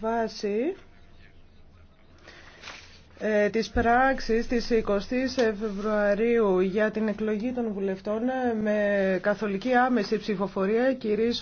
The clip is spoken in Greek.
Βάση ε, της πράξης της 20 Φεβρουαρίου για την εκλογή των βουλευτών ε, με καθολική άμεση ψηφοφορία κυρίως.